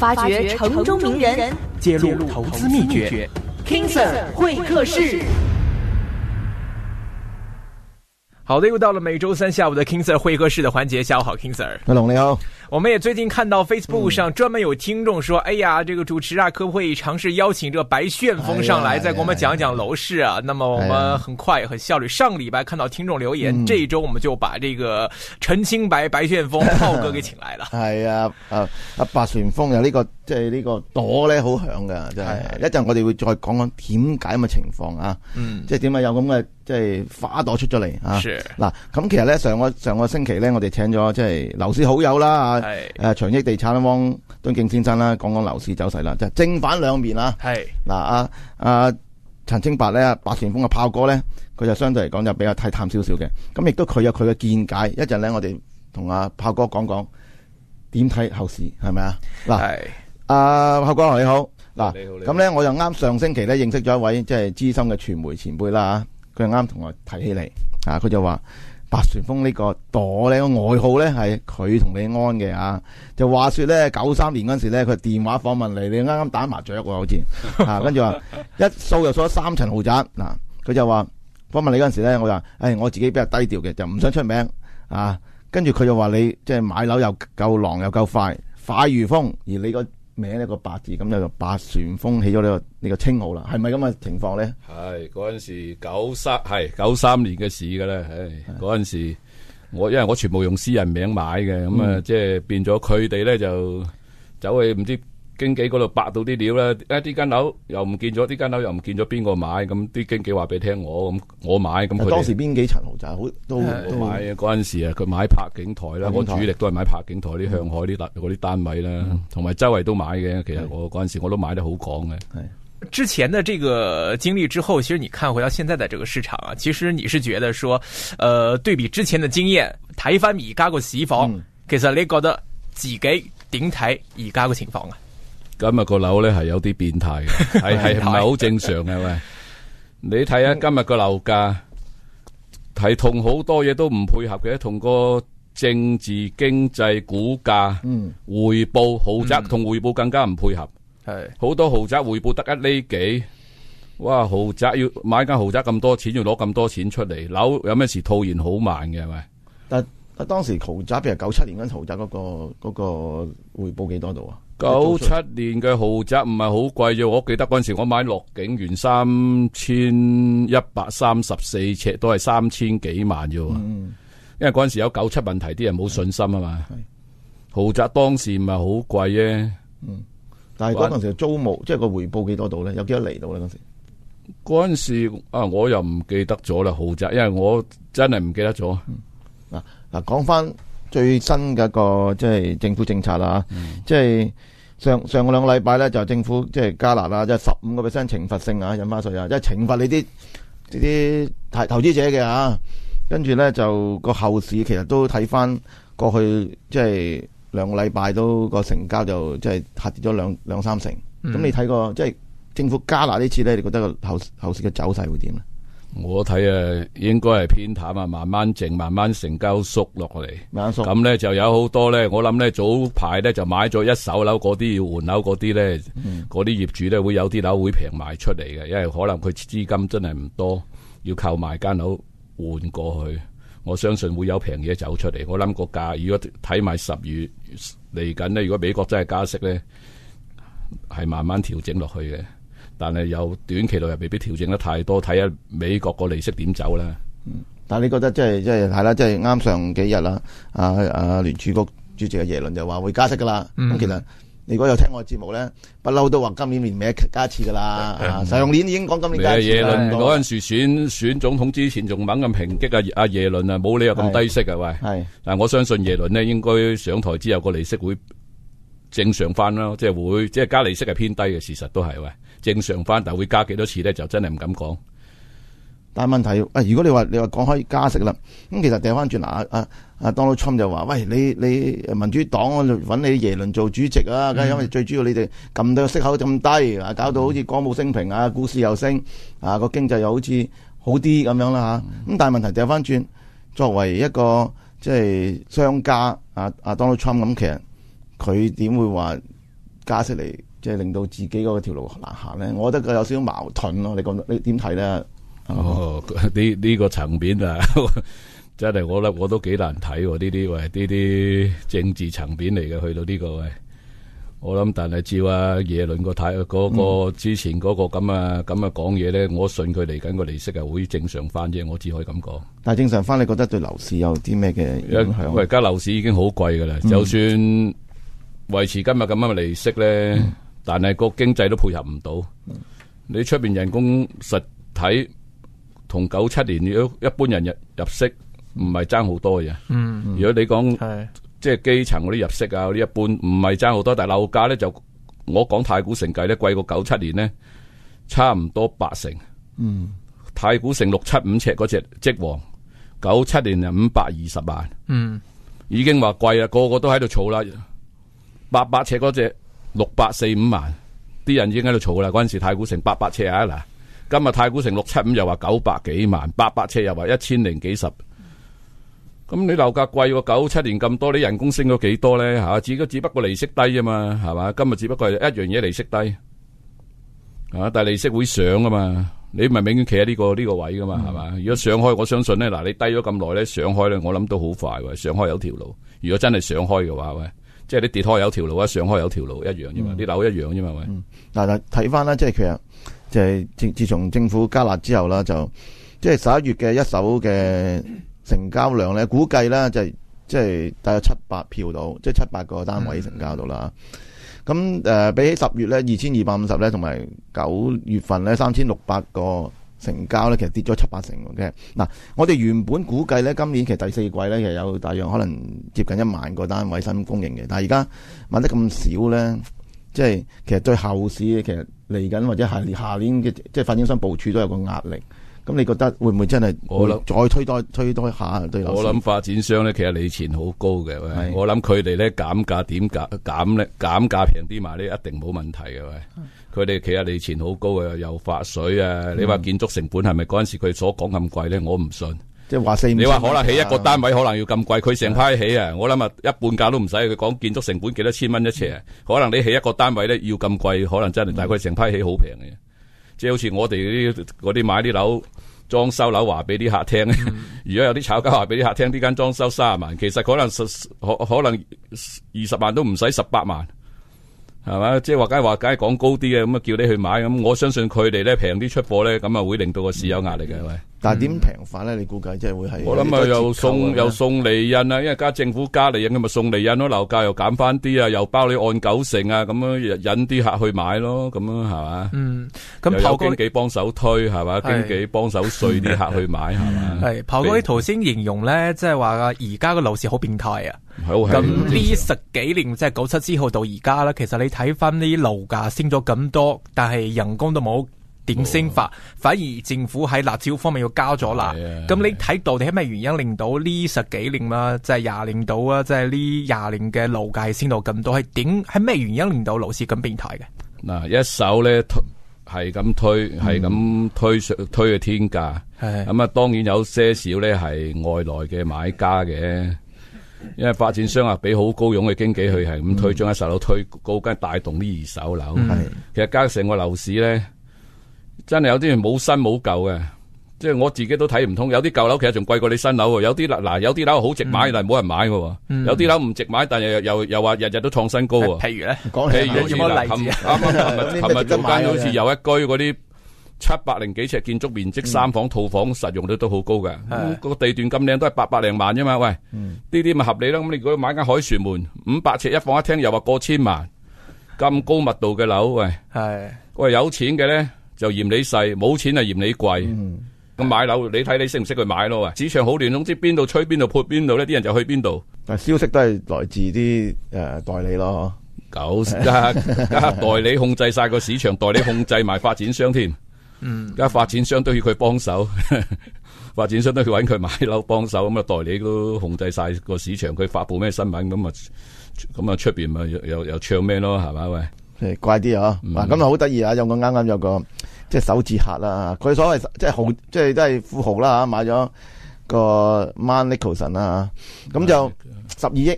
發掘城中名人，揭露投資秘訣。King Sir 會客室，好的，又到了每周三下午的 King Sir 會客室的環節。下午好，King Sir。麥龍 我們也最近看到 Facebook 上專門有聽眾說，哎呀，這個主持啊，可不可以嘗試邀請這個白旋風上來，再給我們講講樓市啊？那麼我們很快、很效率。上個禮拜看到聽眾留言，這一周我們就把這個陳清白、白旋風、浩哥給請來了。係啊，啊啊白旋風有呢個即係呢個朵咧好響噶，真係一陣我哋會再講講點解咁嘅情況啊，嗯，即係點解有咁嘅即係花朵出咗嚟啊？嗱，咁其實咧上個上個星期咧我哋請咗即係樓市好友啦。係，誒是、啊、長益地產汪敦敬先生啦，講講樓市走勢啦，就正反兩面啦、啊。係是，嗱阿阿陳清白咧，白旋風嘅炮哥咧，佢就相對嚟講就比較睇淡少少嘅，咁、嗯、亦都佢有佢嘅見解。一陣咧，我哋同阿炮哥講講點睇後市，係咪是啊？嗱，阿炮哥你好，嗱、啊，咁咧好，呢好我就啱上星期咧認識咗一位即係、就是、資深嘅傳媒前輩啦嚇，佢啱同我提起你，啊，佢就話。白旋風呢個朵咧個外號咧係佢同你安嘅啊，就話說咧九三年嗰陣時咧佢電話訪問你，你啱啱打麻雀喎好似啊，跟住話一掃又掃咗三層豪宅嗱，佢、啊、就話訪問你嗰陣時咧，我就：哎「誒我自己比較低調嘅，就唔想出名啊，跟住佢就話你即係、就是、買樓又夠狼，又夠快，快如風，而你個。名呢個八字咁就白旋風起咗呢、呢個呢、呢個稱號啦，係咪咁嘅情況咧？係嗰陣時九三係九三年嘅事㗎啦，係嗰陣時我因為我全部用私人名買嘅，咁啊、嗯、即係變咗佢哋咧就走去唔知，經紀嗰度百度啲料啦，呢間樓又唔見咗，呢間樓又唔見咗，邊個買？咁啲經紀話俾你聽我咁，我買咁。佢當時邊幾層豪宅好都，都、哎、都買啊？嗰陣時啊，佢買柏景台啦，台我主力都係買柏景台啲、嗯、向海啲嗰啲單位啦，同埋、嗯、周圍都買嘅。其實我嗰陣時我都買得好廣嘅。係、嗯、之前的這個經歷之後，其實你看回到現在的這個市場啊，其實你是覺得說，誒、呃，對比之前嘅經驗，睇翻而家個市況，其實你覺得自己點睇而家個情況啊？今日個樓咧係有啲變態嘅，係係唔係好正常嘅 喂？你睇下今日個樓價係同好多嘢,都唔配合嘅，同個政治經濟股價，嗯，回報豪宅同回報更加唔配合，係好、嗯、多豪宅回報得一厘幾，哇！豪宅要買間豪宅咁多錢，要攞咁多錢出嚟，樓有咩事套現好慢嘅係咪？但、嗯、但當時豪宅，譬如九七年間豪宅嗰、那個嗰、那個回報幾多度啊？九七年嘅豪宅唔係好貴啫，我記得嗰陣時我買樂景園三千一百三十四尺，都係三千幾萬啫。嗯，因為嗰陣時有九七問題，啲人冇信心啊嘛。係，豪宅當時唔係好貴啫。嗯，但係嗰陣時租務還即係個回報幾多度咧？有幾多嚟到咧？嗰陣時，嗰陣時啊，我又唔記得咗啦，豪宅，因為我真係唔記得咗。嗯。嗱、啊、嗱，講、啊、翻。最新嘅一個即係、就是、政府政策啦，即係、嗯、上上個兩個禮拜咧就是、政府即係、就是、加辣啦，即係十五個 percent 懲罰性啊印花稅啊，即、就、係、是、懲罰你啲啲投投資者嘅啊，跟住咧就個後市其實都睇翻過去，即、就、係、是、兩個禮拜都個成交就即係、就是、下跌咗兩兩三成，咁、嗯、你睇個過即係政府加辣呢次咧，你覺得個後後市嘅走勢會點咧？我睇啊，應該係偏淡啊，慢慢靜，慢慢成交縮落嚟。咁咧就有好多咧，我諗咧早排咧就買咗一手樓嗰啲要換樓嗰啲咧，嗰啲、嗯、業主咧會有啲樓會平賣出嚟嘅，因為可能佢資金真係唔多，要購買間樓換過去。我相信會有平嘢走出嚟。我諗個價，如果睇埋十月嚟緊咧，如果美國真係加息咧，係慢慢調整落去嘅。但係又短期內又未必調整得太多，睇下美國個利息點走啦、嗯。但係你覺得即係即係係啦，即係啱上幾日啦。啊啊，聯儲局主席嘅耶倫就話會加息噶啦。咁、嗯、其實你如果有聽我嘅節目咧，不嬲都話今年年尾加一次噶啦、嗯啊。上年已經講今年加一次。耶、嗯、耶倫嗰陣對時選選總統之前，仲猛咁抨擊啊啊耶倫啊，冇理由咁低息係是喂，係是，但係我相信耶倫呢應該上台之後個利息會正常翻囉，即、就、係、是、會即係、就是、加利息係偏低嘅事實都係喂。正常翻，但係會加幾多次咧？就真係唔敢講。但係問題，啊，如果你話你話講開加息啦，咁其實掉翻轉嗱，阿阿阿 Donald Trump 就話：，喂，你你民主黨揾你耶倫做主席啊？咁因為最主要你哋撳到息口咁低，啊，搞到好似歌舞升平啊，股市又升啊，個、啊、經濟又好似好啲咁樣啦吓。咁、啊啊、但係問題掉翻轉，作為一個即係、就是、商家，阿、啊、阿、啊、Donald Trump 咁，其實佢點會話加息嚟？即係令到自己嗰個條路難行咧，我覺得佢有少少矛盾咯。你講，你點睇咧？哦，呢呢、嗯、個層面啊， 真係我覺得我都幾難睇呢啲喂，呢啲政治層面嚟嘅，去到呢、這個喂，我諗但係照啊耶倫、這個睇嗰個之前嗰、那個咁啊咁啊講嘢咧，嗯、我信佢嚟緊個利息係會正常翻啫，我只可以咁講。但係正常翻，你覺得對樓市有啲咩嘅影響？喂，而家樓市已經好貴噶啦，嗯、就算維持今日咁樣嘅利息咧。嗯但係個經濟都配合唔到，嗯、你出邊人工實體同九七年如果一般人入入息唔係爭好多嘅嘢。嗯嗯、如果你講是即係基層嗰啲入息啊，嗰啲一般唔係爭好多，但係樓價咧就我講太古城計咧貴過九七年咧，差唔多八成。嗯、太古城六七五尺嗰隻積皇，嗯、九七年就五百二十萬，嗯、已經話貴啦，個個，個都喺度儲啦，八百尺嗰隻。六百四五萬，啲人已經喺度嘈啦。嗰陣時太古城八百尺啊，嗱，今日太古城六七五又話九百幾萬，八百尺又話一千零幾十。咁你樓價貴喎，九七年咁多，你人工升咗幾多咧？吓，只只不過利息低啫嘛，係嘛？今日只不過係一樣嘢利息低，啊，但係利息會上噶嘛？你咪永遠企喺呢個呢個位噶嘛，係嘛？如果上開，我相信咧，嗱，你低咗咁耐咧，上開咧，我諗都好快。上開有條路，如果真係上開嘅話咧。即係啲跌開有條路啊，上開有條路，一樣啫嘛，啲、嗯、樓一樣啫嘛，係咪、嗯？嗱睇翻啦，即係其實即係自自從政府加辣之後啦，就即係十一月嘅一手嘅成交量咧，估計咧就係即係大約七百票到，即係七百個單位成交到啦。咁誒、嗯呃，比起十月咧二千二百五十咧，同埋九月份咧三千六百個，成交咧，其實跌咗七八成嘅。嗱，我哋原本估計咧，今年其實第四季咧，其實有大量可能接近一萬個單位新供應嘅。但係而家買得咁少咧，即係其實對後市其實嚟緊或者係下，下年嘅，即係發展商部署都有個壓力。咁你覺得會唔會真係我諗再推多想推多一下，我諗發展商咧，其實利錢好高嘅。的我諗佢哋咧減價點價減減咧減價平啲賣呢一定冇問題嘅。喂。佢哋其實地錢好高啊，又發水啊！嗯、你話建築成本係咪嗰陣時佢所講咁貴咧？我唔信。即係話四，你話可能起一個單位可能要咁貴，佢成批起啊！我諗啊，一半價都唔使。佢講建築成本幾多千蚊一尺，嗯、可能你起一個單位咧要咁貴，可能真係大概成批起好平嘅。即係好似我哋嗰啲嗰啲買啲樓裝修樓，話俾啲客聽。 如果有啲炒家話俾啲客聽，呢間裝修卅萬，其實可能可可能二十萬都唔使，十八萬。係嘛？即係話街話街講高啲嘅，咁啊叫你去買咁，我相信佢哋咧平啲出貨咧，咁啊會令到個市有壓力嘅，係咪、嗯？嗯但係點平反咧？你估計即係會係我諗啊，又送又送厘印啦，因為加政府加厘印，咁咪送厘印咯，樓價又減翻啲啊，又包你按九成啊，咁樣引啲客去買咯，咁樣係嘛？嗯，咁有經紀幫手推係嘛？經紀幫手碎啲客去買係嘛？係跑嗰啲頭先形容咧，即係話而家個樓市變態好變態啊！咁呢十幾年即係九七之後到而家啦。其實你睇翻呢啲樓價升咗咁多，但係人工都冇。點升法，反而政府喺辣椒方面要加咗啦。咁你睇到底係咩原因令到呢十幾年啦，即係廿年到啊，即係呢廿年嘅樓價升到咁多，係點？係咩原因令到樓市咁變態嘅？嗱，一手咧推係咁推，係咁推推去天價。係咁啊，當然有些少咧係外來嘅買家嘅，因為發展商啊俾好高佣嘅經紀去係咁推，將一手樓推高，跟帶動呢二手樓係。其實加成個樓市咧。真係有啲人冇新冇舊嘅，即係我自己都睇唔通。有啲舊樓其實仲貴過你新樓，有啲啦，嗱，有啲樓好值買，但係冇人買嘅。有啲樓唔值買，但係又又又話日日都創新高啊！譬如咧，講嚟，譬如什麼例子？啱啱琴日琴日今日好似又一居嗰啲七百零幾尺建築面積三房套房，實用率都好高嘅。咁個地段咁靚，都係八百零萬啫嘛。喂，呢啲咪合理啦？咁你如果買間凱旋門五百尺一房一廳，又話過千萬，咁高密度嘅樓，喂，係喂有錢嘅咧。就嫌你細，冇錢啊嫌你貴。咁、嗯、買樓，你睇你識唔識去買咯？喂，市場好亂，總之邊度吹邊度潑邊度呢啲人就去邊度。但消息都係來自啲誒代理咯嗬。九 代理控制晒個市場，代理控制埋發展商添。嗯，而家發展商都要佢幫手，發展商都要搵佢買樓幫手咁啊。代理都控制晒個市場，佢發佈咩新聞咁啊，咁啊出邊咪又又唱咩咯？係咪？喂，怪啲啊！咁啊好得意啊！有我啱啱有個。即係手指客啦，佢所謂即係豪，即係都係富豪啦嚇，買咗個 Mount Nicholson 啦，咁就十二億，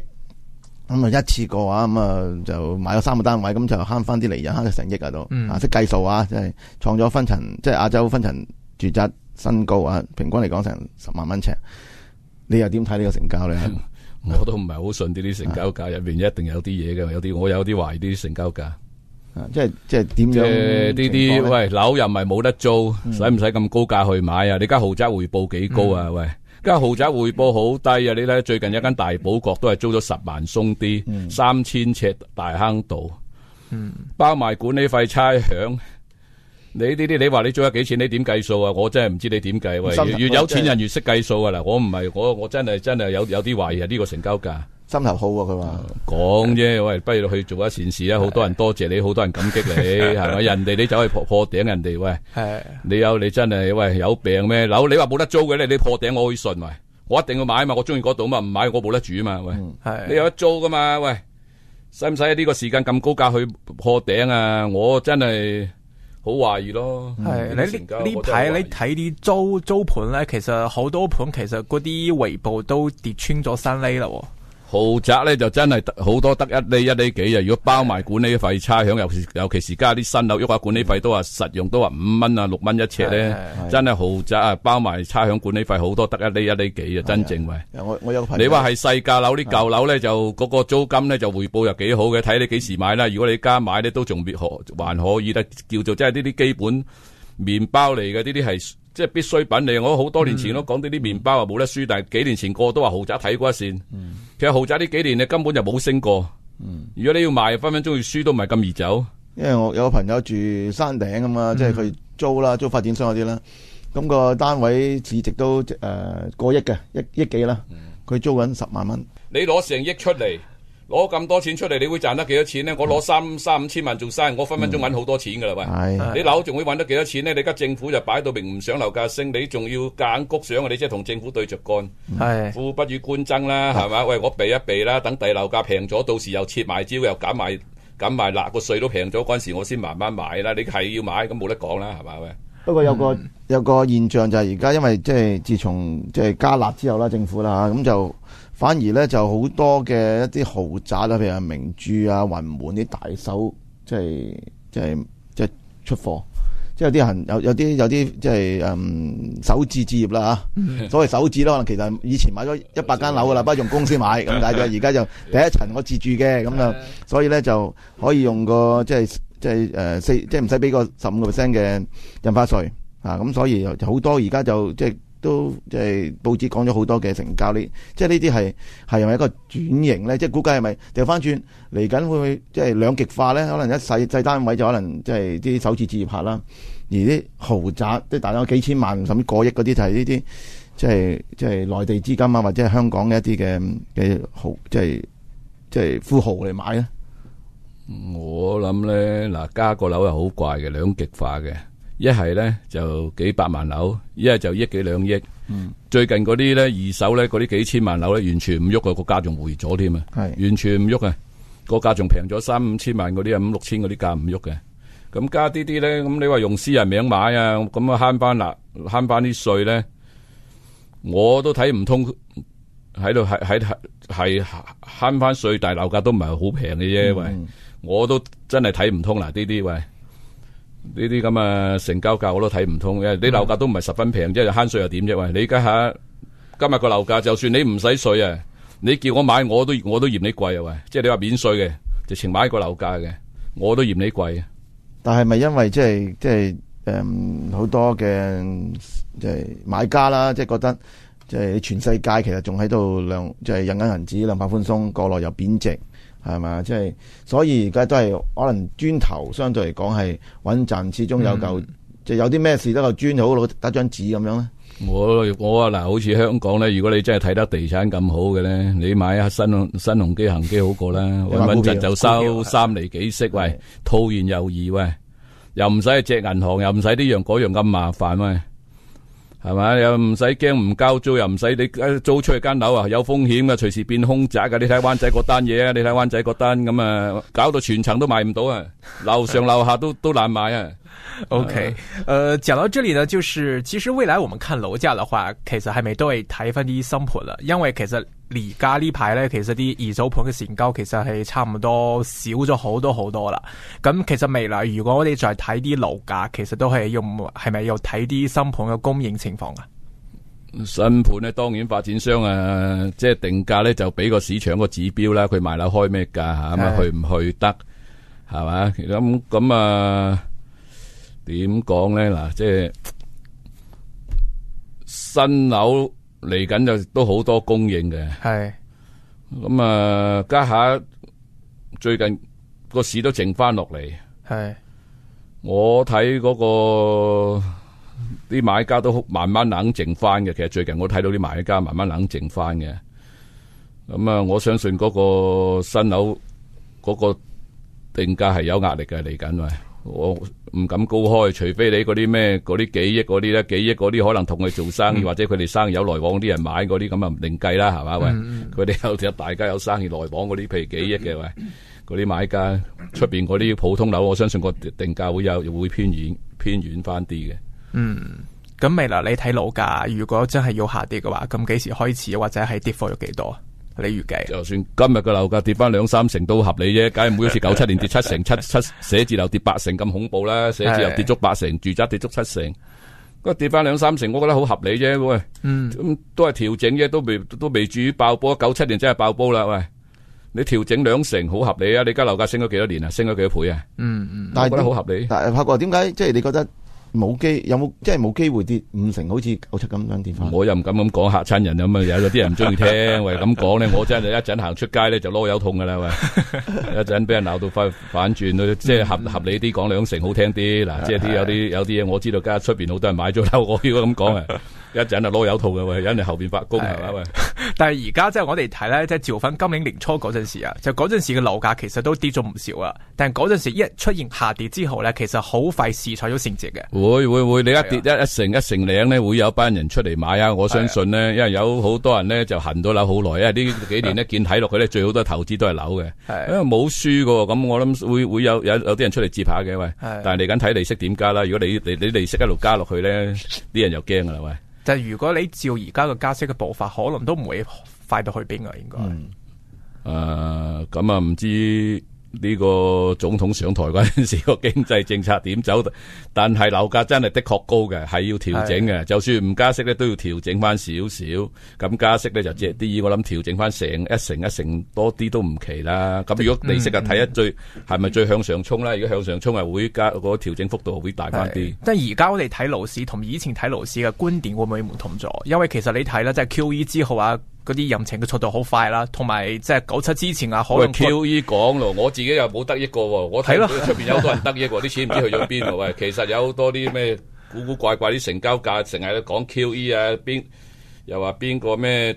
咁啊一次過啊，咁啊就買咗三個單位，咁就慳翻啲利潤，慳咗成億、嗯、啊都，啊識計數啊，即係創咗分層，即係亞洲分層住宅新高啊，平均嚟講成十萬蚊尺，你又點睇呢個成交咧？ 我都唔係好信啲啲成交價入 面一定有啲嘢嘅，有啲我有啲懷疑啲成交價。即係即係點樣？誒，呢啲喂，樓又唔係冇得租，使唔使咁高價去買啊？你家豪宅回報幾高啊？嗯、喂，家豪宅回報好低啊！你睇最近一間大寶閣都係租咗十萬鬆啲，三千尺大坑道，嗯，包埋管理費差餉，你呢啲你話你租咗幾錢？你點計數啊？我真係唔知你點計。嗯、喂越，越有錢人越識計數啊！嗱、嗯，我唔係我我真係真係有有啲懷疑啊！呢個成交價。心頭好啊，佢話講啫，喂，不如去做一善事啦，好多人多謝你，好多人感激你，係咪？人哋你走去破破頂，人哋喂，你有你真係喂有病咩？樓你話冇得租嘅咧，你破頂我可以信咪？我一定要買啊嘛，我中意嗰度嘛，唔買我冇得住啊嘛，喂，你有得租噶嘛？喂，使唔使喺呢個時間咁高價去破頂啊？我真係好懷疑咯。係你呢排你睇啲租租盤咧，其實好多盤其實嗰啲回報都跌穿咗三厘啦。豪宅咧就真係得好多，得一厘一厘幾啊！如果包埋管理費差餉，尤其是尤其是加啲新樓喐下管理費都話實用，都話五蚊啊六蚊一尺咧，真係豪宅啊！包埋差餉管理費好多，得一厘一厘幾啊！真正喂，我我有你話係細價樓啲舊樓咧，就嗰個租金咧就回報又幾好嘅，睇你幾時買啦。如果你加買咧，都仲可還可以得，叫做即係呢啲基本面包嚟嘅呢啲係。即係必需品嚟，我好多年前都講啲啲麵包啊冇得輸，嗯、但係幾年前個個都話豪宅睇過一線。嗯、其實豪宅呢幾年你根本就冇升過。嗯、如果你要賣，分分鐘要輸都唔係咁易走。因為我有個朋友住山頂咁嘛，即係佢租啦，嗯、租發展商嗰啲啦，咁、個單位市值都誒、呃、過億嘅，一億幾啦，佢租緊十萬蚊。你攞成億出嚟。攞咁多錢出嚟，你會賺得幾多錢咧？嗯、我攞三三五千萬做生意，我分分鐘揾好多錢噶啦喂！嗯、你樓仲會揾得幾多錢咧？你而家政府就擺到明唔想樓價升，你仲要揀谷上，你即係同政府對着幹。係富、嗯嗯、不與官爭啦，係嘛、嗯？喂，我避一避啦，等第樓價平咗，到時又切埋蕉又減埋減埋辣個稅都平咗嗰陣時，我先慢慢買啦。你係要買咁冇得講啦，係嘛喂？不過有個、嗯、有個現象就係而家，因為即係自從即係加辣之後啦，政府啦吓咁就。反而咧就好多嘅一啲豪宅啦，譬如啊明珠啊、雲門啲大手，即係即係即係出貨，即係有啲人有有啲有啲即係誒首置置業啦嚇，所謂首置啦，可能其實以前買咗一百間樓噶啦，不過用公司買，咁但係而家就第一層我自住嘅咁啊，所以咧就可以用個即係即係誒四，即係唔使俾個十五個 percent 嘅印花稅啊，咁所以又好多而家就即係。都即係報紙講咗好多嘅成交，呢即係呢啲係係咪一個轉型咧？即係估計係咪掉翻轉，嚟緊會唔會即係兩極化咧？可能一細制單位就可能即係啲首次置業客啦，而啲豪宅即係大約幾千萬甚至過億嗰啲就係呢啲即係即係內地資金啊，或者係香港嘅一啲嘅嘅豪即係即係富豪嚟買啊？我諗咧嗱，加個樓係好怪嘅兩極化嘅。一係咧就幾百萬樓，一係就億幾兩億。嗯、最近嗰啲咧二手咧嗰啲幾千萬樓咧，完全唔喐啊！個價仲回咗添啊！係完全唔喐啊！個價仲平咗三五千萬嗰啲啊，五六千嗰啲價唔喐嘅。咁加啲啲咧，咁你話用私人名買啊，咁啊慳翻嗱慳翻啲稅咧，我都睇唔通喺度喺喺係慳翻稅，但係樓價都唔係好平嘅啫。嗯、喂，我都真係睇唔通嗱啲啲喂。呢啲咁嘅成交價我都睇唔通，因為你樓價都唔係十分平，即係慳稅又點啫？喂，你家下今日個樓價，就算你唔使稅啊，你叫我買，我都我都嫌你貴啊！喂，即係你話免稅嘅，直情買個樓價嘅，我都嫌你貴。就是、你貴，但係咪因為即係即係誒好多嘅即係買家啦，即係覺得即係全世界其實仲喺度量即係印緊銀紙，量化寬鬆，國內又貶值。係嘛，即係所以而家都係可能磚頭相對嚟講係穩陣，始終有嚿、嗯、即係有啲咩事得嚿磚好攞得張紙咁樣咧。我我啊，嗱，好似香港咧，如果你真係睇得地產咁好嘅咧，你買下新新鴻基恒基好過啦，穩陣就收三厘幾息喂，套現又易，喂，又唔使借銀行，又唔使呢樣嗰樣咁麻煩喂。.係嘛？又唔使驚唔交租，又唔使你租出去間樓，有風險噶，隨時變空宅噶。你睇灣仔嗰單嘢，你睇灣仔嗰單咁啊，搞到全層都賣唔到啊，樓上樓下都都難賣啊。O K，誒，講到這裏呢，就是其實未來我們看樓價的話，其實係咪都係睇翻啲新盤啦，因為其實而家呢排呢，其實啲二手盤嘅成交其實係差唔多少咗好多好多啦。咁其實未來如果我哋再睇啲樓價，其實都係用係咪要睇啲新盤嘅供應情況啊？新盤呢，當然發展商啊，即係定價呢，就俾個市場個指標啦。佢賣樓開咩價咁啊，哎、去唔去得係嘛？咁咁啊。點講咧嗱，即係新樓嚟緊就都好多供應嘅，係咁啊！家下，嗯，最近個市都靜翻落嚟，係我睇嗰個啲買家都慢慢冷靜翻嘅。其實最近我睇到啲買家慢慢冷靜翻嘅，咁，嗯，啊！我相信嗰個新樓嗰個定價係有壓力嘅嚟緊喂。我唔敢高開，除非你嗰啲咩嗰啲幾億嗰啲咧，幾億嗰啲可能同佢做生意、嗯、或者佢哋生意有來往嗰啲人買嗰啲咁啊，唔定計啦，係嘛、嗯、喂，佢哋有大家有生意來往嗰啲譬如幾億嘅、嗯、喂，嗰啲買家出邊嗰啲普通樓，我相信個定價會有會偏遠偏遠翻啲嘅。嗯，咁未來你睇樓價，如果真係要下跌嘅話，咁幾時開始，或者係跌咗幾多？你預計就算今日嘅樓價跌翻兩三成都合理啫，梗係唔會好似九七年跌七成，七七寫字樓跌八成咁恐怖啦，啊，寫字樓跌足八成，住宅跌足七成，不過跌翻兩三成我覺得好合理啫，喂，嗯，咁都係調整啫，都未都未至於爆煲，九七年真係爆煲啦，喂，你調整兩成好合理啊，你而家樓價升咗幾多年啊，升咗幾多倍啊，嗯嗯，嗯我覺得好合理但，但係發覺點解即係你覺得？冇機有冇即係冇機會跌五成？、嗯、 成，好似九七咁樣跌翻。我又唔敢咁講吓親人咁嘅嘢，有啲人唔中意聽，喂咁講咧，我真係一陣行出街咧就籮柚痛噶啦，喂，一陣俾人鬧到快反轉，即係合合理啲講兩成好聽啲。嗱，即係啲有啲有啲嘢我知道，而家出邊好多人買咗樓，我要咁講啊。 一陣啊攞有套嘅的喂，引住後邊發工係嘛喂？但係而家即係我哋睇咧，即係照翻今年年初嗰陣時啊，就嗰陣時嘅樓價其實都跌咗唔少啊。但係嗰陣時一出現下跌之後咧，其實好快試彩咗成值嘅。會會會，你一跌一是的 一成一成零咧，會有一班人出嚟買啊！我相信呢，是的 因為有好多人咧就行到樓好耐，因為呢幾年呢是的 見睇落去咧最好都係投資都係樓嘅，是的 因為冇輸噶。咁我諗會會有有有啲人出嚟接牌嘅喂。是的 但係嚟緊睇利息點加啦？如果你你你利息一路加落去咧，啲 人又驚噶啦喂。就如果你照而家嘅加息嘅步伐，可能都唔會快到去邊啊，應該。誒、嗯、咁、呃、啊，唔知。呢個總統上台嗰陣時，個經濟政策點走？但係樓價真係的確高嘅，係要調整嘅。是就算唔加息咧，都要調整翻少少。咁加息咧就即係啲，嗯、我諗調整翻成一成一成多啲都唔奇啦。咁、嗯、如果你識啊睇一最係咪最向上衝咧？嗯、如果向上衝係會加個調整幅度會大翻啲。即係而家我哋睇樓市同以前睇樓市嘅觀點會唔會唔同咗？因為其實你睇咧，即係 QE 之後啊。嗰啲人情嘅速度好快啦，同埋即係九七之前啊，可以 QE 講咯，我自己又冇得益過喎，我睇到出邊有好多人得益過喎，啲 錢唔知去咗邊啊喂，其實有好多啲咩古古怪怪啲成交價，成日都講 QE 啊，邊？又話邊個咩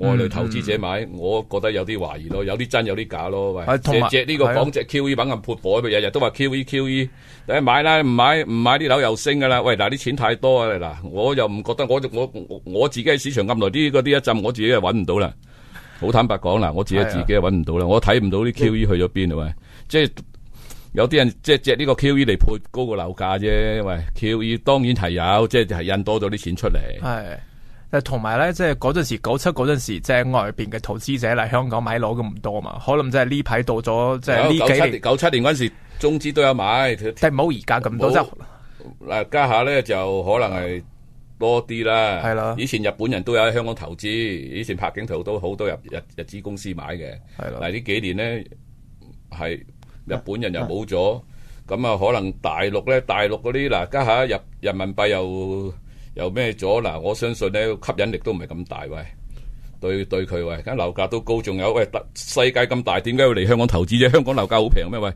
外來投資者買？嗯嗯、我覺得有啲懷疑咯，有啲真有啲假咯。喂，借借呢個講借 Q E 品咁潑火，咪日日都話 Q E 的 Q E，誒買啦，唔買唔買啲樓又升噶啦。喂，嗱啲錢太多啊，嗱我又唔覺得，我我我自己喺市場咁耐啲嗰啲一浸，我自己又揾唔到啦。好坦白講啦，我自己自己又揾唔到啦，我睇唔到啲 Q E 去咗邊啊？喂，即係有啲人即係借呢個 Q E 嚟潑高個樓價啫。喂，Q E 當然係有，即係就係印多咗啲錢出嚟。係。同埋咧，即係嗰陣時九七嗰陣時，即係、就是、外邊嘅投資者嚟香港買樓咁唔多嘛，可能即係呢排到咗，即係呢幾年九七,九七年嗰陣時，中資都有買，但係冇而家咁多啫。嗱，家下咧就可能係多啲啦。係、啊、啦，以前日本人都有喺香港投資，以前柏景圖都好多入日日資公司買嘅。係嗱呢幾年咧係日本人又冇咗，咁啊，啊可能大陸咧，大陸嗰啲嗱家下入人民幣又。又咩阻？嗱？我相信吸引力都唔係咁大喂。對對佢喂，而家樓價都高，仲有喂。世界咁大，點解要嚟香港投資啫？香港樓價好平咩喂？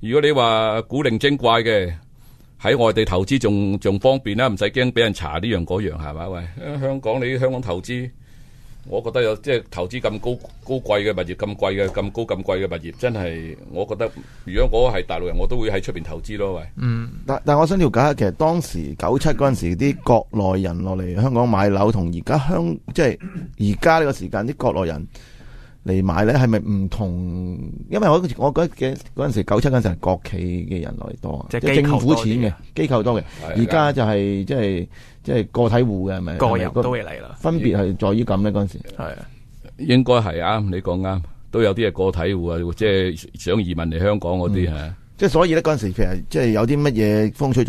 如果你話古靈精怪嘅喺外地投資，仲仲方便啦，唔使驚俾人查呢樣嗰樣係嘛喂？香港你香港投資。我覺得有即係投資咁高高貴嘅物業，咁貴嘅咁高咁貴嘅物業，真係我覺得，如果我係大陸人，我都會喺出邊投資咯，喂。嗯。但但我想了解下，其實當時九七嗰陣時啲國內人落嚟香港買樓，同而家香即係而家呢個時間啲國內人嚟買咧，係咪唔同？因為我我覺得嘅嗰陣時九七嗰陣時係國企嘅人來多即係政府錢嘅機構多嘅。而家的就係即係。的即係個體戶嘅係咪？各有油都會嚟啦，分別係在於咁咧，嗰陣時係，應該係啱你講，啱，都有啲係個體戶啊，即係想移民嚟香港嗰啲吓。即係所以咧，嗰陣時其實即係有啲乜嘢風吹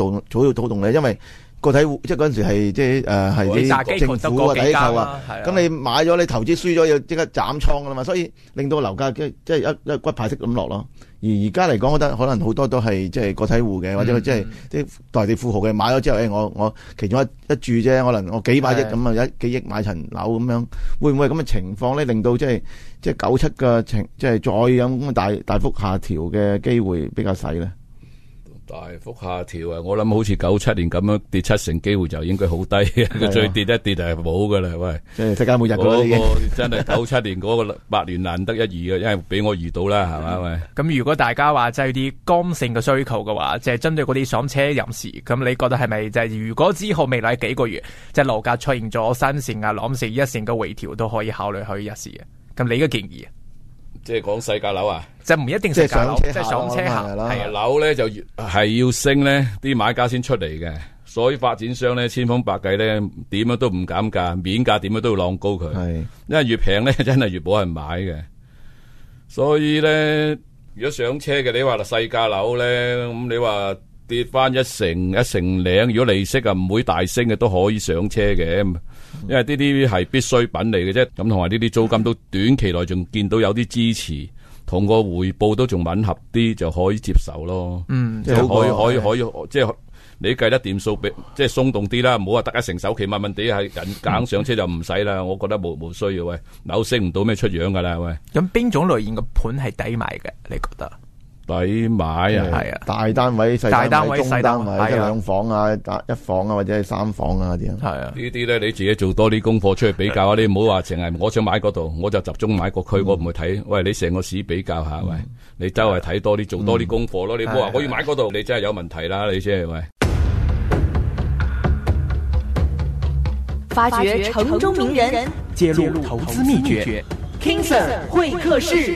草動咧，因為個體戶即係嗰陣時係即係誒係政府啊、底扣啊，咁你買咗你投資輸咗要即刻斬倉噶啦嘛，所以令到個樓價即係即係一一骨牌式咁落咯。而而家嚟講，我覺得可能好多都係即係個體戶嘅，或者即係啲代地富豪嘅買咗之後，誒，我我其中一一住啫，可能我幾百億咁啊，係。一幾億買層樓咁樣，會唔會咁嘅情況咧，令到即係即係九七嘅情，即係再咁大大幅下調嘅機會比較細咧？大幅下調啊！我諗好似九七年咁樣跌七成，機會就應該好低。佢再、啊、跌一跌就係冇噶啦，喂！即係世界末日嗰我真係九七年嗰個百年難得一遇啊，因為俾我遇到啦，係咪 ？咁如果大家話即係啲剛性嘅需求嘅話，即係針對嗰啲上車入市，咁你覺得係咪、就是？就係如果之後未來幾個月，即係樓價出現咗三綫啊、兩綫、一綫嘅回調，都可以考慮去入市啊。咁你嘅建議？即係講細價樓啊！就唔一定細價樓即上車行樓。係是啊，樓咧就越係要升咧，啲買家先出嚟嘅。所以發展商咧，千方百計咧，點樣都唔減價，免價點樣都要浪高佢。係是，因為越平咧，真係越冇人買嘅。所以咧，如果上車嘅，你話細價樓咧，咁、嗯、你話跌翻一成、一成零，如果利息啊唔會大升嘅，都可以上車嘅。因為呢啲係必需品嚟嘅啫，咁同埋呢啲租金都短期內仲見到有啲支持，同個回報都仲吻合啲，就可以接受咯。嗯，即係可以可以可以，即係你計得掂數，俾、嗯、即係鬆動啲啦，唔好話大家成首期，問問地係緊揀上車就唔使啦。我覺得冇無，無需要喂，扭升唔到咩出樣噶啦喂。咁邊、嗯、種類型嘅盤係抵買嘅？你覺得？位買啊，大單位、大單位、中單位、兩房啊、一房啊，或者係三房啊啲啊，係啊，呢啲咧你自己做多啲功課出去比較啊，你唔好話成日我想買嗰度，我就集中買個區，我唔會睇。喂，你成個市比較下喂，你周圍睇多啲，做多啲功課咯。你唔好話我要買嗰度，你真係有問題啦，你先唔知。發掘城中名人，揭露投資秘訣，King Sir 會客室。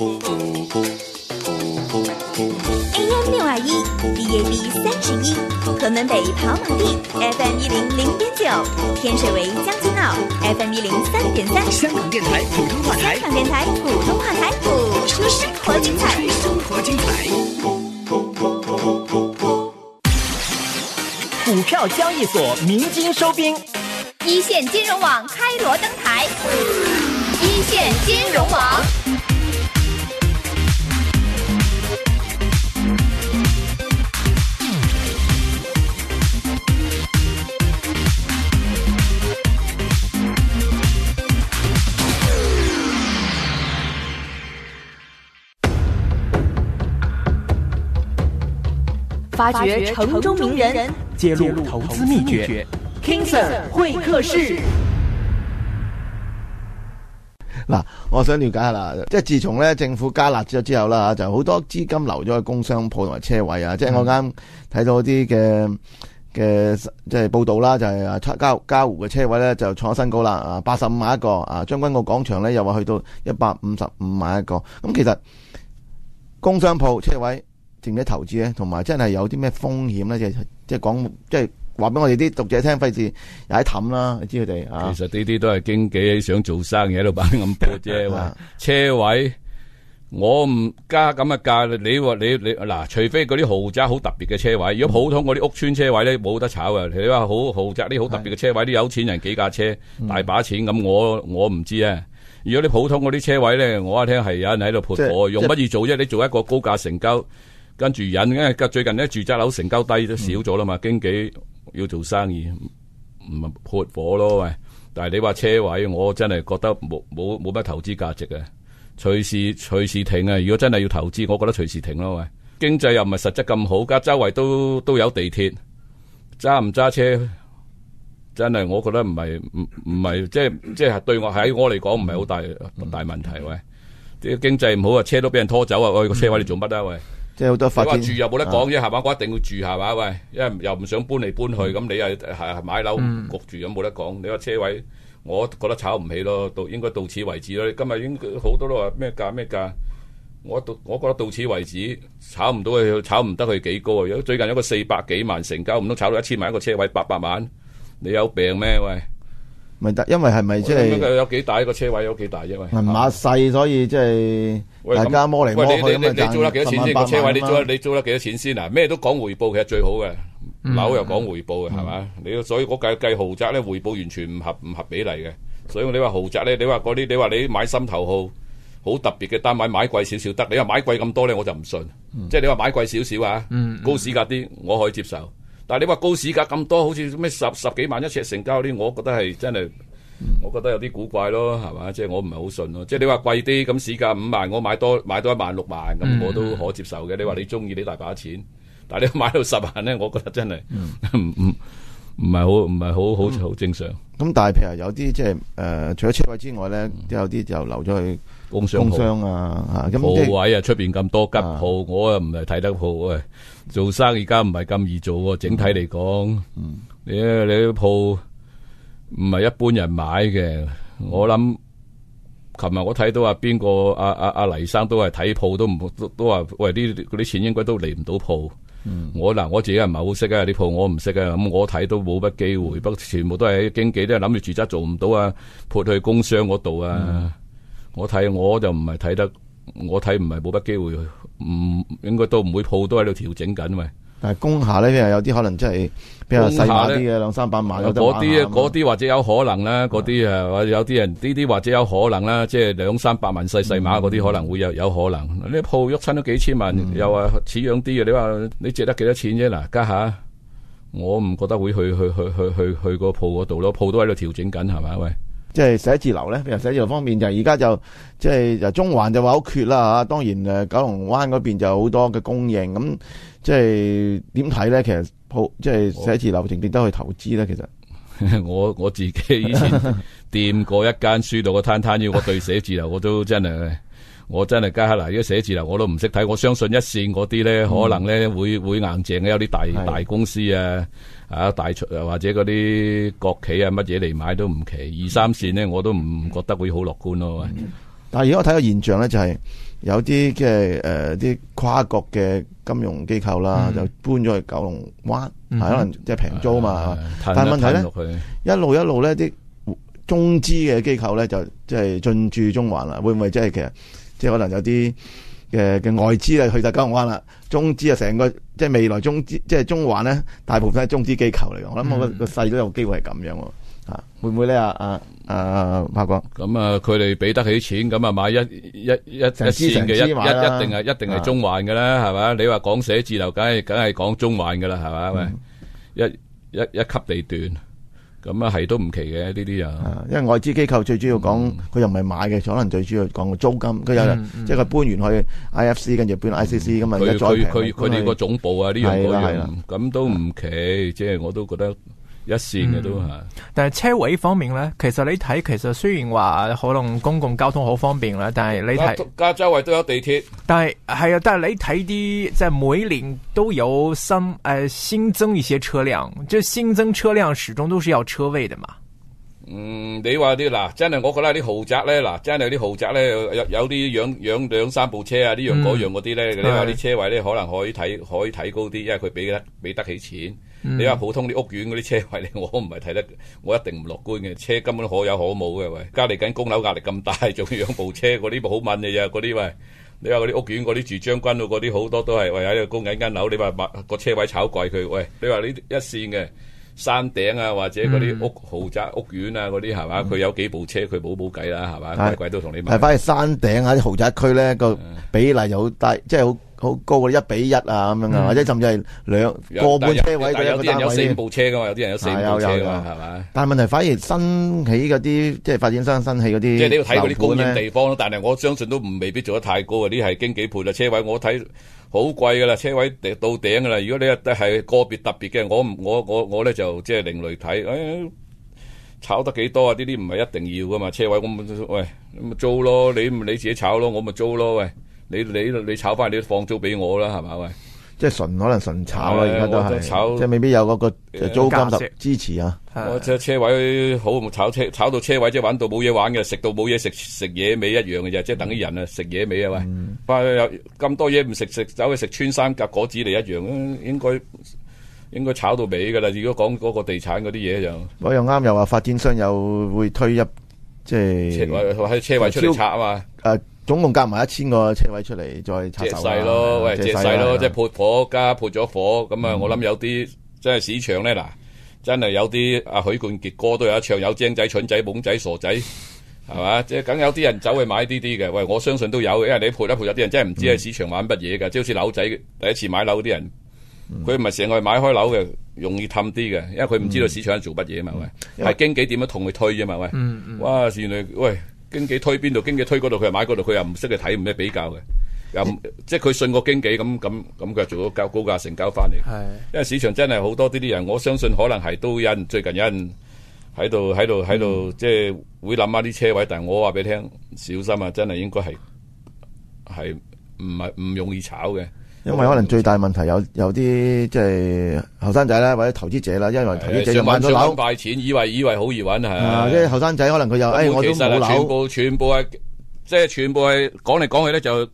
AM 六二一，DAB 三十一，屯門北跑馬地，FM 一零零點九，天水圍將軍澳，FM 一零三點三，3, 香港電台普通話台，香港電台普通話台，普出生活精彩，生活精彩。股票交易所鳴金收兵，一線金融網開鑼登台，台一線金融網。發掘城中名人，揭露投資秘訣。King Sir 會客室。嗱，我想了解下啦，即係自從咧政府加辣咗之後啦，就好多資金流咗去工商鋪同埋車位啊！即係我啱睇到啲嘅嘅即係報道啦，就係啊嘉嘉湖嘅車位咧就創新高啦，啊八十五萬一個啊，將軍澳廣場咧又話去到一百五十五萬一個。咁其實工商鋪車位。剩啲投資咧，同埋真係有啲咩風險咧？即係即係講，即係話俾我哋啲讀者聽，費事又喺氹啦。你知佢哋啊？其實呢啲都係經紀想做生意喺度擺咁盤啫。話車位，我唔加咁嘅價。你話你你嗱，除非嗰啲豪宅好特別嘅車位。如果普通嗰啲屋邨車位咧，冇得炒嘅。你話好豪宅啲好特別嘅車位，啲有錢人幾架車，大把錢。咁我我唔知啊。如果啲普通嗰啲車位咧，我一聽係有人喺度盤，我用乜嘢做啫？你做一個高價成交，跟住引，因為最近咧，住宅樓成交低都少咗啦嘛，嗯、經紀要做生意，唔係潑火咯喂。但係你話車位，我真係覺得冇冇冇乜投資價值嘅，隨時隨時停啊！如果真係要投資，我覺得隨時停咯喂。經濟又唔係實質咁好，㗎，周圍都都有地鐵，揸唔揸車，真係我覺得唔係唔唔係，即係即係對我喺我嚟講唔係好大、嗯、大問題喂。啲經濟唔好啊，車都俾人拖走啊，喂個車位你做乜啊喂？嗯即係好多發展，住又冇得講啫，係嘛？我一定要住係嘛？喂，因為又唔想搬嚟搬去，咁你又係買樓焗住咁冇得講。你話車位，我覺得炒唔起咯，到應該到此為止啦。你今日應該好多都話咩價咩價，我到我覺得到此為止，炒唔到佢，炒唔得佢幾高啊！最近有個四百幾萬成交，唔通炒到一千萬一個車位八百萬？你有病咩？喂！因為係咪即係？咁佢有幾大？個車位有幾大？因為碼細，所以即係大家摸嚟摸去喂，你租得幾多錢先？個車位你租，你租得幾多錢先啊？咩都講回報，其實最好嘅樓又講回報嘅，係嘛？你所以我計計豪宅咧，回報完全唔合唔合比例嘅。所以你話豪宅咧，你話嗰啲，你話你買心頭好，好特別嘅單位，買貴少少得。你話買貴咁多咧，我就唔信。即係你話買貴少少啊？高市價啲，我可以接受。但係你話高市價咁多，好似咩十十幾萬一尺成交啲，我覺得係真係，我覺得有啲古怪咯，係嘛？即係我唔係好信咯。即係你話貴啲，咁市價五萬，我買多買多一萬六萬，咁我都可接受嘅。嗯、你話你中意啲大把錢，但係你買到十萬咧，我覺得真係唔唔唔係好唔係好好好正常。咁、嗯、但係譬如有啲即係誒，除咗車位之外咧，有啲就留咗去。工商，工商啊，鋪位啊，出邊咁多吉鋪啊、我又唔係睇得鋪喂，做生意而家唔係咁易做，整體嚟講，嗯，你你啲鋪唔係一般人買嘅。嗯、我諗琴日我睇到啊，邊個阿阿阿黎生都係睇鋪，都都都話喂，啲啲錢應該都嚟唔到鋪。嗯、我嗱我自己又唔係好識啊啲鋪，我唔識啊。咁我睇都冇乜機會。不過全部都係喺經紀都係諗住住宅做唔到啊，撥去工商嗰度啊。嗯我睇我就唔係睇得，我睇唔係冇乜機會，唔應該都唔會鋪都喺度調整緊喂。但係工廈咧，又有啲可能，真係比較細碼啲嘅，兩三百萬。嗰啲啊，嗰啲或者有可能啦，嗰啲啊，或者有啲人呢啲或者有可能啦，即係兩三百萬細細碼嗰啲可能會有有可能。呢鋪喐親都幾千萬，又話似樣啲嘅，你話你借得幾多錢啫？嗱，家下我唔覺得會去去去去去去個鋪嗰度咯，鋪都喺度調整緊，係咪喂？即係寫字樓咧，譬如寫字樓方面，就而家就即係就中環就話好缺啦，啊、吓。當然誒，九龍灣嗰邊就好多嘅供應。咁即係點睇咧？其實鋪即係寫字樓，仲值得去投資咧？其實我我自己以前掂過一間書度嘅攤攤，要我對寫字樓我都真係，我真係家下嗱，如果寫字樓我都唔識睇。我相信一線嗰啲咧，可能咧會會硬淨嘅，有啲大大公司啊。啊！大出又或者嗰啲國企啊，乜嘢嚟買都唔奇。二三線咧，我都唔覺得會好樂觀咯。嗯嗯嗯嗯啊、但係而家我睇個現象咧，就係有啲即係誒啲跨國嘅金融機構啦，就搬咗去九龍灣，係可能即係平租嘛。但係問題咧，一路一路咧啲中資嘅機構咧，就即、是、係進駐中環啦。會唔會、就是、即係其實即係可能有啲？嘅嘅、呃、外資啊，去到九龍灣啦，中資啊，成個即係未來中資，即係中環咧，大部分都係中資機構嚟㗎。嗯、我諗我個個細都有機會係咁樣喎、啊。啊，會唔會咧？啊啊啊，柏君，咁啊，佢哋俾得起錢，咁啊買一一一線嘅支一一,一,一,一定係一定係中環㗎啦，係咪？你話講寫字樓，梗係梗係講中環㗎啦，係咪？咪、嗯、一一一,一,一,一級地段。咁啊，係都唔奇嘅呢啲啊，因為外資機構最主要講，佢、嗯、又唔係買嘅，可能最主要講個租金，佢有、就是嗯嗯、即係佢搬完去 IFC，跟住搬 ICC 咁啊，佢佢哋個總部啊，呢樣嘢，咁都唔奇，即係的我都覺得。一線嘅都係、嗯，但係車位方面咧，其實你睇，其實雖然話可能公共交通好方便啦，但係你睇家周圍都有地鐵，但係係啊，但係你睇啲即係每年都有新誒、呃、新增一些車輛，就新增車輛始終都是要車位嘅嘛。嗯，你話啲嗱，真係我覺得啲豪宅咧，嗱，真係啲豪宅咧有有啲養養兩三部車啊，樣呢樣嗰樣嗰啲咧，嗯、你話啲車位咧是可能可以睇可以睇高啲，因為佢俾得俾得起錢。你話普通啲屋苑嗰啲車位咧，我唔係睇得，我一定唔樂觀嘅。車根本可有可冇嘅喂，隔嚟緊供樓壓力咁大，仲要有部車，我呢部好問嘅啫。嗰啲喂，你話嗰啲屋苑嗰啲住將軍澳嗰啲好多都係喂喺度供緊間樓，你話買個車位炒貴佢喂，你話呢一線嘅山頂啊，或者嗰啲屋豪宅屋苑啊嗰啲係嘛，佢有幾部車佢冇冇計啦係嘛，貴貴是都同你買。係翻去山頂啊豪宅區咧，個比例又好大，即係好。好高嘅一比一啊，咁樣啊，或者甚至係兩個半車位一個單位。有啲人有四部車噶嘛，有啲人有四部車嘛，係咪？吧但係問題反而新起嗰啲，即係發展商新起嗰啲。即係你要睇嗰啲高點地方咯，但係我相信都唔未必做得太高啊！啲係經幾倍啦，車位我睇好貴噶啦，車位到頂噶啦。如果你係係個別特別嘅，我我我我咧就即係另類睇，誒、哎，炒得幾多啊？呢啲唔係一定要噶嘛，車位我咪喂，咪租咯，你你自己炒咯，我咪租咯，喂。你你你炒翻你放租俾我啦，係嘛喂？即係純可能純炒啦，而家都係，炒即係未必有嗰、那個、就是、租金支持啊。我車位好，炒車炒到車位，即係玩到冇嘢玩嘅，食到冇嘢食食野味一樣嘅啫，即係等於人啊食野味啊喂！咁、嗯、多嘢唔食，食走去食穿山甲果子嚟一樣，應該應該炒到尾噶啦。如果講嗰個地產嗰啲嘢就我又啱，又話發展商又會推入即係車位，車位出嚟拆啊嘛。總共夾埋一千個車位出嚟，再拆細咯，喂，借細咯，即係潑火加潑咗火，咁啊，我諗有啲即係市場咧嗱，真係有啲阿許冠傑歌都有一唱，有精仔蠢仔懵仔傻仔，係嘛？即係梗有啲人走去買啲啲嘅，喂，我相信都有，因為你潑得潑，有啲人真係唔知喺市場玩乜嘢噶，即係好似樓仔第一次買樓啲人，佢唔係成日去買開樓嘅，容易氹啲嘅，因為佢唔知道市場係做乜嘢嘛，喂，係經紀點樣同佢推啊嘛，喂，哇，原來喂。經紀推邊度，經紀推嗰度，佢又買嗰度，佢又唔識去睇，唔識比較嘅，又即係佢信個經紀咁咁咁，佢又做咗較高價成交翻嚟。係的，因為市場真係好多啲啲人，我相信可能係都有人最近有人喺度喺度喺度，即係、嗯、會諗下啲車位，但係我話俾你聽，小心啊，真係應該係係唔係唔容易炒嘅。因為可能最大問題有有啲即係後生仔啦，或者投資者啦，因為投資者又咗快錢以，以為以為好易揾啊，即係後生仔可能佢又，嗯、哎，我都冇樓全部全部係，即係全部係講嚟講去咧就是、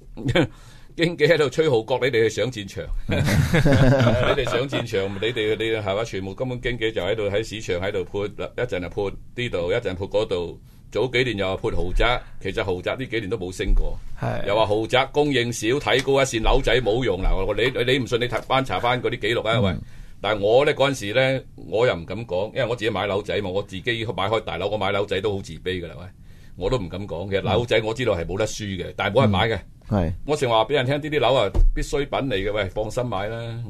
經紀喺度吹號角，你哋去上戰場。 你哋上戰場， 你哋嗰啲係嘛？全部根本經紀就喺度喺市場喺度潑一陣就潑呢度，一陣潑嗰度。早幾年又話潑豪宅，其實豪宅呢幾年都冇升過，又話豪宅供應少，睇高一線樓仔冇用嗱。我你你唔信，你查翻查翻嗰啲記錄啊喂！但係我咧嗰陣時咧，我又唔敢講，因為我自己買樓仔嘛，我自己買開大樓，我買樓仔都好自卑噶啦喂，我都唔敢講。其實樓仔我知道係冇得輸嘅，但係冇人買嘅。係我成日話俾人聽呢啲樓啊，必需品嚟嘅喂，放心買啦。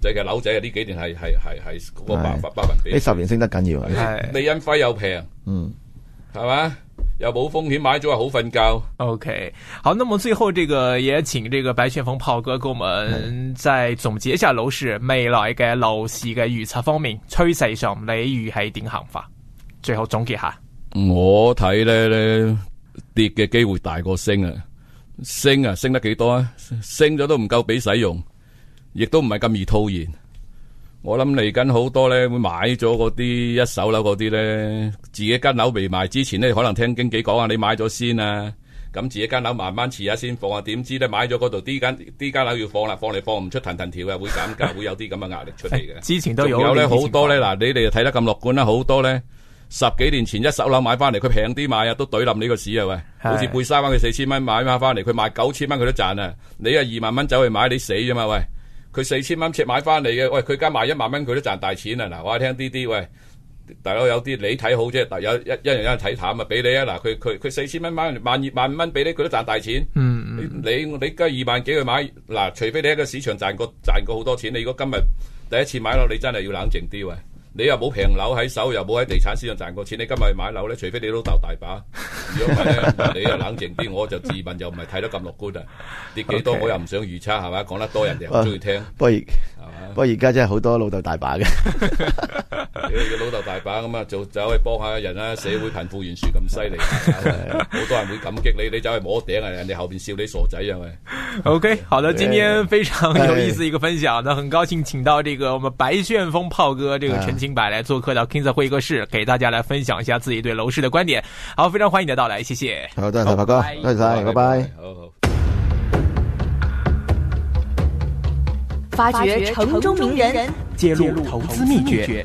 即係樓仔啊，呢幾年係係係係嗰個百分百分比，呢十年升得緊要啊！你印花又平，嗯。係嘛，又冇風險買咗，又好瞓覺。OK，好，那麼最後這個也請這個白旋風炮哥給我們再總結一下樓市，樓市，嗯、未來嘅樓市嘅預測方面，趨勢上你預係點行法？最後總結下，我睇呢，呢跌嘅機會大過升啊，升啊升得幾多啊？升咗都唔夠俾使用，亦都唔係咁易套現。我諗嚟緊好多咧，會買咗嗰啲一手樓嗰啲咧，自己間樓未賣之前咧，可能聽經紀講啊，你買咗先啊，咁自己間樓慢慢遲下先放啊，點知咧買咗嗰度呢間呢間樓要放啦，放嚟放唔出，騰騰跳呀，會減價，會有啲咁嘅壓力出嚟嘅。 之前都有，仲有咧好多咧，嗱你哋睇得咁樂觀啦，好多咧，十幾年前一手樓買翻嚟，佢平啲買啊，都懟冧呢個市啊喂，的好似貝沙灣佢四千蚊買翻翻嚟，佢賣九千蚊佢都賺啊，你啊二萬蚊走去買，你死啫嘛喂。佢四千蚊尺買翻嚟嘅，喂，佢而家賣一萬蚊，佢都賺大錢啊！嗱，我聽啲啲，D、D，喂，大佬有啲你睇好啫，大有一一人睇淡咪俾你啊！嗱，佢佢佢四千蚊買萬二萬五蚊俾你，佢都賺大錢。嗯嗯，你你而家二萬幾去買嗱？除非你喺個市場賺過賺過好多錢，你如果今日第一次買樓，你真係要冷靜啲喂。你又冇平樓喺手，又冇喺地產市場賺過錢，你今日買樓咧，除非你老豆大把。如果唔係咧， 你又冷靜啲，我就自問又唔係睇得咁樂觀啊！跌幾多我又唔想預測，係咪 Okay.？講得多人哋又唔中意聽，啊。不過，不過而家真係好多老豆大把嘅。 你哋嘅老豆大把咁啊，就走去幫下人啊，社會貧富懸殊咁犀利，好多人會感激你。你走去摸頂啊，人哋後邊笑你傻仔啊喂。OK，好的，今天非常有意思一個分享，那很高興請到這個我們白旋風炮哥，這個陳清白來做客到 King Sir 會客室，給大家來分享一下自己對樓市的觀點。好，非常歡迎你的到來，謝謝。好，再見，炮哥，再見，拜拜。發掘城中名人，揭露投資秘訣。